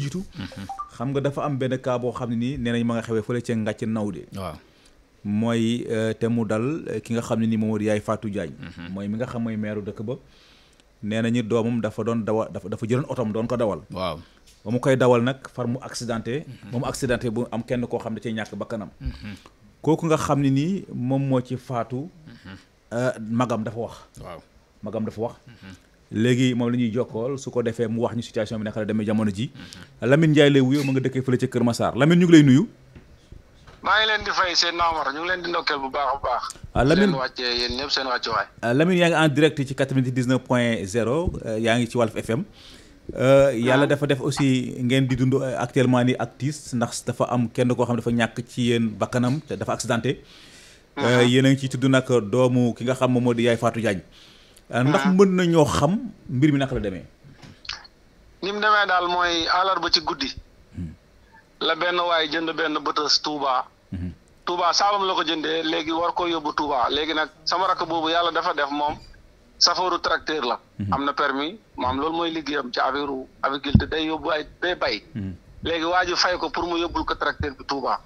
jiitu. Mhm. xam nga dafa am benn cas boo xam ne nii nee nañ ma nga xewee fële ca ngàcc naw de. mooy euh, te mu dal euh, ki nga xam ne nii moom moo di yaay Fatou mhm. mi nga xam mooy meeru dëkk ba. nee nañu doomam dafa doon dawa dafa dafa jëloon otom doon ko dawal. waaw ba mu koy dawal nag far mu accidenté. Mhm. ba mu accidenté bu am kenn koo xam ne cee ñàkk bakkanam. kooku nga xam ne nii moo ci faatu. Euh, magam dafa wax. waaw magam dafa wax. léegi moom la ñuy jokkool su ko defee mu wax ñu situation bi naka la demee jamono ji Lamine Ndiaye lay wuyoo ma nga dëkkee fële ca Kër Massar Lamine ñu ngi lay nuyu maa ngi leen di fay seen naamar ñu ngi leen di ndokkeel bu baax a baax ah, Lamine wàccee yéen ñëpp seen wàccuwaay ah, Lamine yaa ngi en direct ci 99 point 0 euh, yaa ngi ci Walf FM euh, yàlla ah. dafa def aussi ngeen di dund euh, actuellement ni ak ndax dafa am kenn koo xam dafa ñàkk ci yéen bakkanam te dafa accidenté mm-hmm. yéen a ngi ciy tudd nag doomu ki nga xam moom moo di Yaay Fatou Diagne Euh, ndax ah. mën na ñoo xam mbir mi naka la demee. ni mu demee daal mooy àllarba ci guddi. Hmm. la benn waay jënd benn bëtës Touba. Hmm. Touba saabam la ko jëndee léegi war koo yóbbu Touba léegi nag sama rakk boobu yàlla dafa def moom safaru tracteur la. Hmm. am na permis maam loolu mooy liggéeyam ci aviru avicule te day yóbbu ay day bay. léegi waa fay ko pour mu yóbbul ko tracteur bi Touba.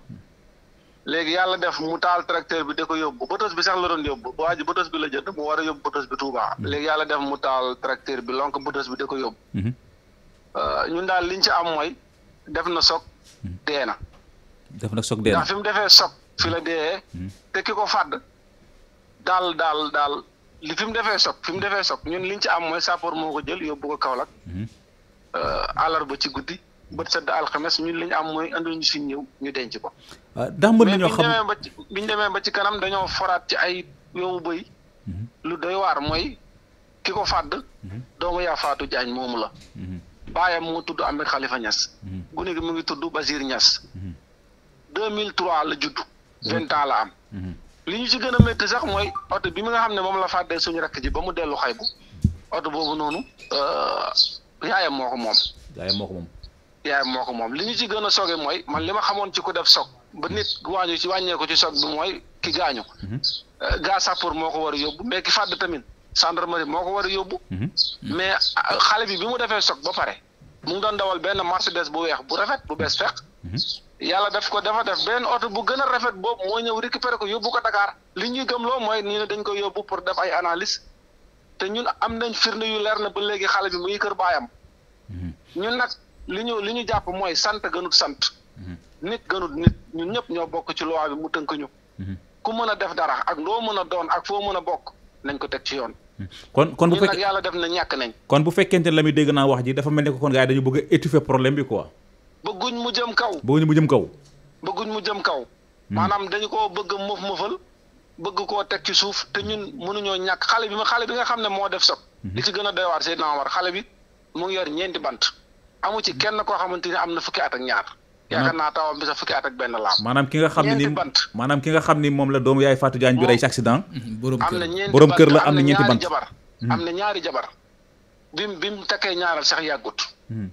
léegi yàlla def mu taal tracteur bi da ko yóbbu bëtës bi sax la doon yóbbu waa ji bëtës bi la jënd mu war a yóbbu bëtës bi Touba. Mm-hmm. léegi yàlla def mu taal tracteur bi lonk bëtës bi da ko yóbbu. Mm-hmm. Euh, ñun daal liñ ci am mooy def na soog mm-hmm. dee na. def na soog dee fi mu defee soog fi la dee. te ki ko fàdd daal daal daal li fi mu defee soog fi mu defee soog ñun liñ ci am mooy sappoor moo ko jël yóbbu ko Kaolack. Euh, bo ci guddi. bët sedd alxames mi li ñu am mooy anduñu si ñëw ñu denc ko. Ah, ndax mën nañoo xam bi ñu demee ba ci bi ñu demee ba ci kanam dañoo foraat ci ay yowu bëy. Mhm. lu doy waar mooy ki ko fàdd. Mhm. doomu yaa faatu jaañ moomu la. Mhm. baayam moo tudd Ahmed Khalifa ñas gune gi mu ngi tudd Basir Niass. 2003 la judd. vingt ans la am. li ñu si gën a métti sax mooy oto bi mi nga xam ne moom la fàddee suñu rakk ji ba mu dellu xaybu oto boobu noonu euh, yaayam moo ko moom. yaayam moo ko moom. yaay moo ko moom li ñu ci gën a soge mooy man li ma xamoon ci ku def soog ba nit wàññi ci wàññeeku ci soog bi mooy ki gaañu mhm. euh, gaa sàppur moo ko war a yóbbu mais fàdd tamit gendarmerie moo ko war a yóbbu mhm. Mhm. mais euh, xale bi bi mu defee soog ba pare mu ngi doon dawal benn Mercedes bu weex bu rafet bu bees fekk yàlla def ko dafa def benn oto bu gën a rafet boobu moo ñëw récupéré ko yóbbu ko dakaar li ñuy gëm mooy nii ne dañ koy yóbbu pour def ay analyse te ñun am nañ firnde yu leer na ba léegi xale bi muy kër baayam li ñu li ñu jàpp mooy sant gënut sant. nit gënut nit ñun ñëpp ñoo bokk ci loi bi mu tënk ñu. ku mën a def dara ak loo mën a doon ak foo mën a bokk nañ ko teg ci yoon. kon kon bu fekkee yàlla def na ñàkk nañ. kon bu fekkente ne la muy dégg naa wax ji dafa mel ni ko kon gars yi dañu bëgg a étouffer problème bi quoi. bëgguñ mu jëm kaw. bëgguñ mu jëm kaw. bëgguñ mu jëm kaw. Hmm. maanaam dañu koo bëgg a mëf mëfal bëgg koo teg ci suuf te ñun mënuñoo ñàkk xale bi ma xale bi nga xam ne moo def soog. Hmm. li ci gën a doy waar Seydina xale bi mu yor ñeenti bant amu ci kenn koo xamante ni am na fukki at ak ñaar. yaakaar naa am bi sax fukki at ak benn laam. maanaam ki nga xam ne ni maanaam ki nga xam ni moom la doomu yaay Fatou Diagne bi rey ci accident. Mm-hmm. borom kër la am na ñeenti bant mm-hmm. am na ñaari jabar bi mu takkee ñaaral sax yàggut. Mm-hmm.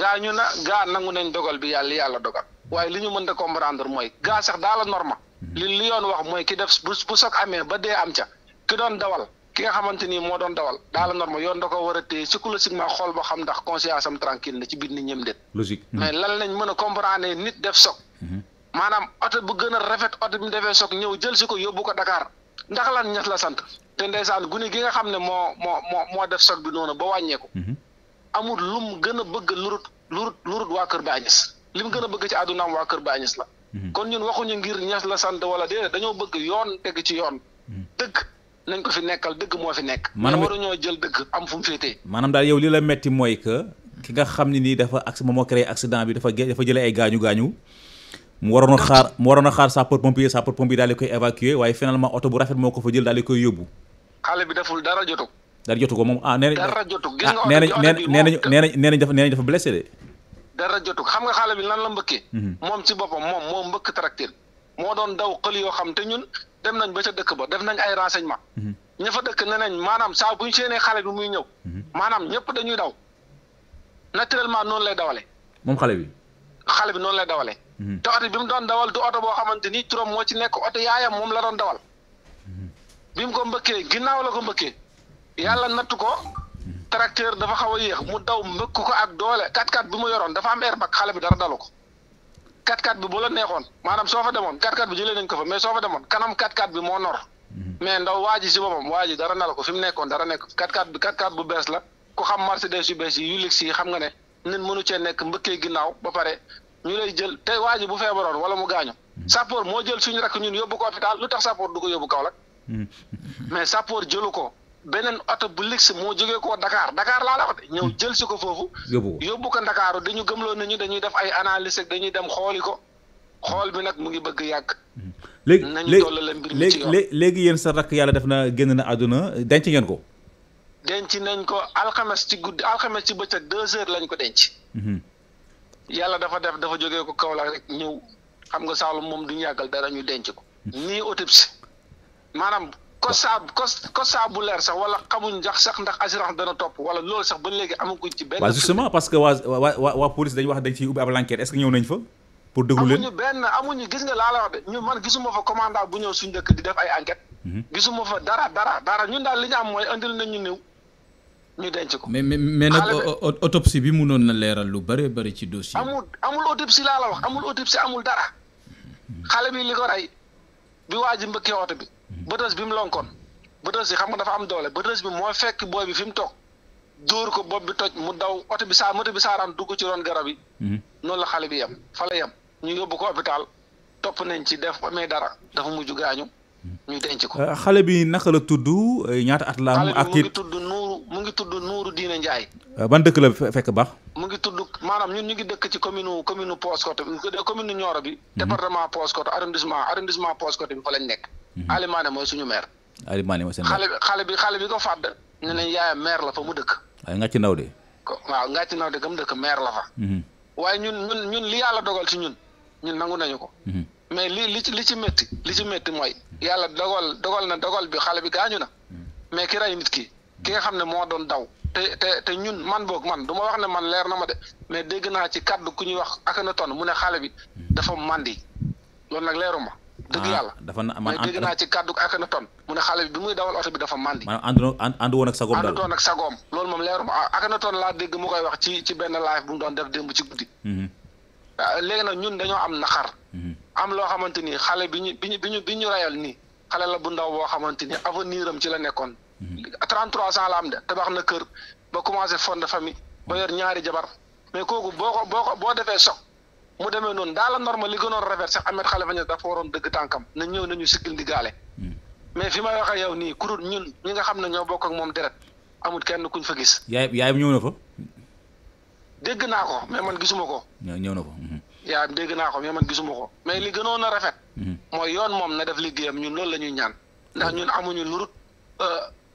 gaa ñu na gaa nangu nañ dogal bi yàlla yàlla dogal waaye li ñu mën a comprendre mooy gaa sax daal la norma. li li yoon wax mooy ki def bu bu soog amee ba dee am ca ki doon dawal. ki nga xamante ni moo doon dawal daa la norme yoon da ko war a téye psychologiquement xool ba xam ndax conscience am tranquille na ci biir nit ñëm déet logique mais hmm. lan lañ mën a comprendre ne nit def soog hmm. maanaam oto bu gën a rafet oto bi mu defee soog ñëw jël si ko yóbbu ko dakaar ndax lan ñett la sant te ndeysaan gune gi nga xam ne moo moo moo moo def soog bi noonu ba wàññeeku hmm. amul lum gën a bëgg lurut lurut lurut waa kër bi Ñas li mu gën a bëgg ci àddunaam waa kër Baay Ñas la kon ñun waxuñu ngir ñes la sant wala déedéet dañoo bëgg yoon teg ci yoon dëgg nañ ko fi nekkal dëgg moo fi nekk. maanaam daal yow li la metti mooy ki nga xam ne nii dafa acc moom moo créé accident bi dafa dafa jëlee ay gaañu gaañu. mu waroon a xaar mu waroon a xaar sapeur pompier sapeur pompier daal di koy évacuer waaye finalement oto bu rafet moo ko fa jël daal di koy yóbbu. xale bi deful dara jotu. dara jotu ko moom ah nee nañ. dara jotu gis ah, nga bi nee nañ nee nañ dafa nee de. dara jotu xam nga xale bi lan la mbëkkee. Mhm. moom ci boppam moom moo mbëkk tracteur moo dem nañ ba ca dëkk ba def nañ ay renseignement mhm. ña fa dëkk ne nañ maanaam saa bu ñu seenee xale bi muy ñëw mhm. maanaam ñëpp dañuy daw naturellement noonu lay dawale moom xale bi xale bi noonu lay dawale mhm. te oto bi mu doon dawal du oto boo xamante ni turam moo ci nekk oto yaayam moom la doon dawal bi mu ko mbëkkee ginnaaw la ko mbëkkee yàlla nattu ko tracteur dafa xaw a yéex mu daw mbëkk ko ak doole 4x4 bi mu yoroon dafa am airbag xale bi dara dalu ko 4-4 bi bu la neexoon maanaam soo fa demoon 4-4 bi jëlee nañ ko fa mais soo fa demoon kanam 4-4 bi moo nor mhm. mais ndaw waa ji si boppam waa ji dara na la ko fi mu nekkoon dara nekk 4-4 bu bees la ku xam Mercedes yu bees yi yu luxe yi xam nga ne nit mënu cee nekk mbëkkee ginnaaw ba pare ñu lay jël te waaj ji bu feebaroon wala mu gaañu mhm. Sapor moo jël suñu rakk ñun yóbbu ko hôpital lu tax Sapor du ko yóbbu Kaolack mhm. mais Sapor jëlu ko beneen oto bu ligsi moo jógee koo Dakar Dakar laa la wax ñëw hmm. jël si ko foofu. yóbbu ko Dakar dañu gëmloo nañu dañuy def ay analyse dañuy dem xooli ko xool bi nag mu ngi bëgg yàgg. Hmm. léegi léegi léegi yéen sa rakk yàlla def na génn na àdduna denc ngeen ko. denc nañ ko alxames ci guddi alxames ci bëccëg deux heures lañ ko denc. Hmm. yàlla dafa def dafa jógee ko Kaolack rek ñëw xam nga Saalum moom duñu yàggal dara ñu denc ko. nii autopsie maanaam. kosa kosa bu leer sax wala xamuñ ndax sax ndax assurance dana topp wala loolu sax ba léegi amaguñ ci benn. waaw justement parce que waa waa waa police dañu wax dañ ciy ubbi ab enquête est-ce que ñëw nañ fa. pour déglu leen amuñu gis nga laa la wax de ñu man gisuma bu ñëw suñu dëkk di def ay enquête mhm. gisuma fa dara dara dara ñun daal li ñu am mooy indil nañ ñu néew ñu denc ko. mais mais mais nag autopsie bi mënoon na leeral lu bëree bëri ci dossier amul amul autopsie laa la wax amul autopsie amul dara mhm. xale bi li ko rey bi waa ji mbëkkee oto bi bëtës bi mu lonkoon bëtës bi xam nga dafa am doole bëtës bi moo fekk booy bi fi mu toog dóor ko bopp bi toj mu daw oto bi saa moto bi saaraan dugg ci ron garab yi mhm. noonu la xale bi yem fa la yem ñu yóbbu ko hôpital topp nañ ci def amee dara dafa mujj gaañu ñu denc ko euh, xale bi naka la tudd euh, ñaata at la am ak it mu ngi tudd nuuru mu ngi tudd nuuru diine njaay euh, ban dëkk la fekk ba mu ngi tudd maanaam ñun ñu ngi dëkk ci commune commune Paoskoto commune Nioro bi. Mhm. département Paoskoto arrondissement arrondissement Paoskoto bi fa lañ nekk. Mhm. Alimaane mooy suñu maire. Alimaane mooy seen maire xale bi xale bi xale bi ko fàdd ne leen yaayam maire la fa mu dëkk. waaye nga ci ndaw de. waaw dëkk maire la fa. Mhm. waaye ñun ñun ñun li yàlla dogal ci ñun ñun nangu nañu ko. mais li li ci li ci métti li ci métti mooy yàlla dogal dogal na dogal bi xale bi gaañu na mais ki rey nit ki ki nga xam ne moo doon daw. te te te ñun man boog man du wax ne man leer na ma de mais dégg naa ci kàddu ku ñuy wax akana ton mu ne xale bi dafa màndi loolu nag leeru ma. dëgg ah, yàlla dafa man dégg naa ci kàddu akana ton mu ne xale bi bi muy dawal oto bi dafa màndi. maanaam àndu àndu woon ak sagoom daal àndu woon ak loolu moom leeru ma ah, akana ton laa dégg mu koy wax ci ci benn live bu mu doon def démb ci guddi. Mm-hmm. Ah, léegi nag ñun dañoo am naxar. Mm-hmm. am loo xamante ni xale bi ñu bi ñu bi ñu rayal nii xale la bu ndaw woo xamante ni avenir ci la nekkoon. 33 ans la am de tabax na kër ba commencé fond de famille ba yor ñaari jabar mais kooku boo ko boo ko boo defee sox mu demee noonu daal la normal li gënoon rafet sax Ahmed Khalifa Niass dafa waroon dëgg tànkam na ñëw ñu siggil di gaale hmm. mais fi ma wax ak yow nii kurut ñun ñi nga xam ne ñoo bokk ak moom deret amul kenn kuñ fa gis. yaay yaayam ñëw na fa. dégg naa ko mais man gisuma ko. ñëw na ko. Hmm. yaayam dégg naa ko mais man gisuma ko mais li gënoon a rafet. Hmm. mooy yoon moom na def liggéeyam ñun loolu la ñuy ñaan ndax ñun amuñu lurut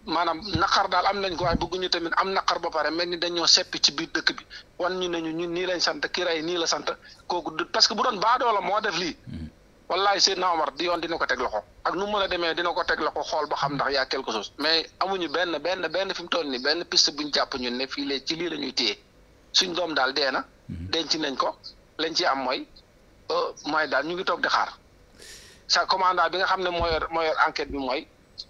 maanaam naqar daal am nañ ko waaye bëgguñu tamit am naqar ba pare mel ni dañoo seppi ci biir dëkk bi wan ñu nañu ñun nii lañ sant ki nii la sant kooku du parce que bu doon baadoo la moo def lii hmm. wallahi Seydina Omar di yoon dina ko teg loxo ak nu mën a demee dina ko teg loxo xool ba xam ndax yaa quelque chose mais amuñu benn benn benn fi mu toll nii benn piste buñ jàpp ñu ne fii lee ci lii la suñ doom daal dee na hmm. denc nañ ko lañ ci am mooy euh, mooy daal ñu ngi toog di xaar sa commandant bi nga xam ne moo yor moo yor bi mooy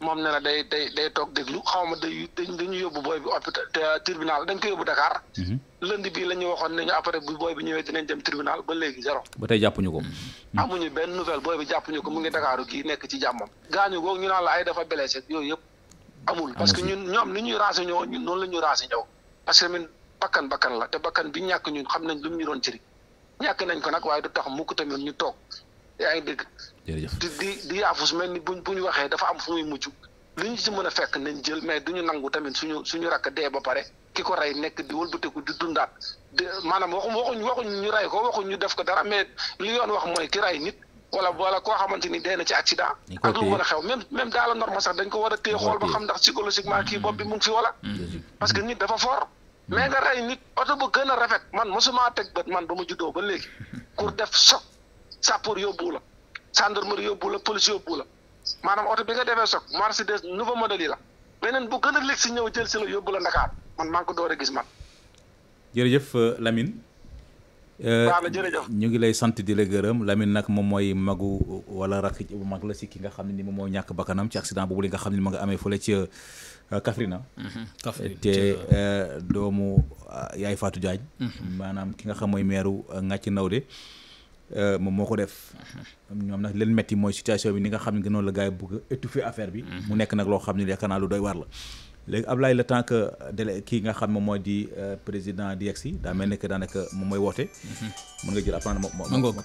moom ne na day day day toog déglu xaw ma day dañu yóbbu booy bi hôpital tribunal dañ ko yóbbu dakaar mhm. lundi bii la ñu waxoon ne ñu après booy bi ñëwee dinañ dem tribunal ba léegi zéro. ba tey jàppuñu ko. Mhm. amuñu benn nouvelle booy bi jàppuñu ko mu ngi Dakaaru kii nekk ci jàmmam. gaañu googu ñu naan la ay dafa blessé yooyu yëpp amul parce que ñun ñoom ni ñuy renseigné woon ñun noonu la ñuy renseigné woon parce que bakkan bakkan la te bakkan bi ñàkk ñun xam nañ lu mu ñu doon ci jëriñ ñàkk nañ ko nag waaye du tax mukk tamit ñu toog yaa ngi dégg. di di di yaafus mel ni buñ ñu waxee dafa am fu muy mujj lu ñu ci mën a fekk nañ jël mais du ñu nangu tamit suñu suñu rakk dee ba pare ki ko rey nekk di wëlbateeku di dundaat maanaam waxuñ waxuñ waxuñ ñu rey ko waxuñ ñu def ko dara mais li yoon wax mooy ki rey nit. wala wala koo xamante ni dee na ci accident. ak lu mën a xew même daal la norme sax dañ ko war a téye xool ba xam ndax psychologiquement kii bopp bi mu ngi fi wala. Mm. parce que nit dafa fort. mais nga rey nit oto bu gën a rafet man mosuma teg bët man ba ma juddoo ba léegi. pour def choc sapeur yóbbu la gendarmerie yóbbu la police yóbbu la maanaam oto bi nga defee soog Mercedes nouveau modèle yi la beneen bu gën a lekk si ñëw jël si la yóbbu la Dakar man maa ko door a gis man. jërëjëf euh, Lamine. Euh, ñu ngi lay sant di la gërëm Lamine nag moom mooy magu euh, wala rak mag la si ki nga xam ne ni moom moo ñàkk bakkanam ci accident boobu li nga xam ne ma nga amee fële ci Kaffrine. Mhm, Kaffrine te doomu Yaay Fatou Diagne. Mhm. maanaam ki nga xam mooy meeru Ngàcc Ndawde. Euh, moom moo ko def ñoom nag leen metti mooy situation bi ni nga xam ne noonu la gars yi bëgg a affaire bi mm-hmm. mu nekk nag loo xam ne yaakaar naa lu doy war la léegi Ablaye le temps que délai kii nga xam ne mooy di euh, président di yegsi daa mel ni que daanaka moom mooy woote mm-hmm. mën nga jël apprendre ma ngoog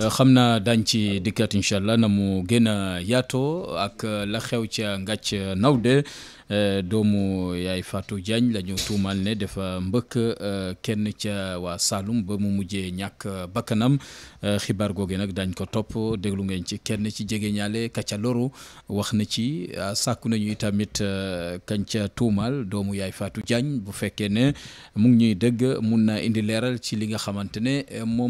euh, xam naa daañ ci dikkaat incha allah na mu gën a yaatoo ak la xew ca naw nawde Euh, doomu yaay faatu Diagne lañu ñu tuumaal ne dafa mbëkk euh, kenn ca waa Saloum ba mu mujjee ñàkk euh, bakkanam xibaar googu nag dañ ko topp déglu ngeen ci kenn ci jege ñaale kaca loru wax na ci sàkku nañu itamit kañ ca tuumaal doomu yaay faatu Diagne bu fekkee ne mu ñuy dëgg mun na indi leeral ci li nga xamante ne moom